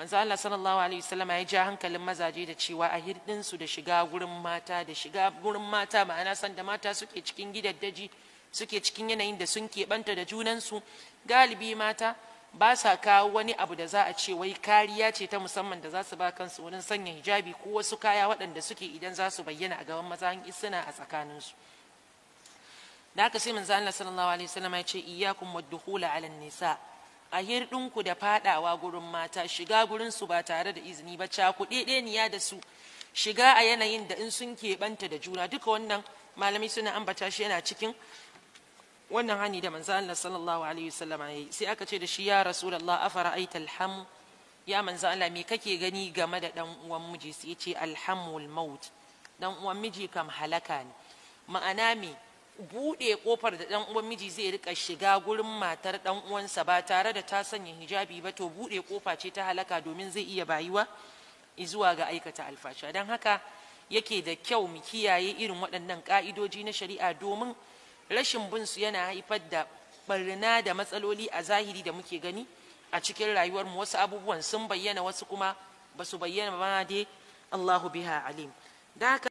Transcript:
manzo Allah sallallahu alaihi wasallam ya ja hankalin mazaje da cewa a hirdin su da shiga gurin mata da shiga gurin mata ma'ana san da mata suke cikin gidaddaji suke cikin yanayin da sun keɓanta da junansu galibi mata ba sa kawo wani abu da za a ce wai kariya ce ta musamman da za su ba kansu wurin sanya hijabi ko wasu kaya waɗanda suke idan za su bayyana a gaban maza suna a tsakaninsu da haka sai manzo Allah sallallahu alaihi wasallam ya ce iyyakum wad-dukhula 'ala nisa a hirɗinku da faɗawa gurin mata shiga gurin ba tare da izini ba niya da su shiga a yanayin da in sun keɓanta da juna duka wannan malami suna ambata shi yana cikin wannan hani da manzo Allah sallallahu alaihi wa yayi sai aka ce da shi ya rasulullah aita alham ya manzo Allah me kake gani game da dan uwan miji sai ce alhamul maut dan uwan miji kam halaka ne ma'ana me buɗe kofar da ɗan uwan miji zai rika shiga gurin matar ɗan uwansa ba tare da ta sanya hijabi ba to buɗe kofa ce ta halaka domin zai iya bayuwa zuwa ga aikata alfasha don haka yake da kyau mu kiyaye irin waɗannan ka'idoji na shari'a domin rashin bin su yana haifar da barna da matsaloli a zahiri da muke gani a cikin rayuwar mu wasu abubuwan sun bayyana wasu kuma ba su bayyana ba dai Allahu biha alim da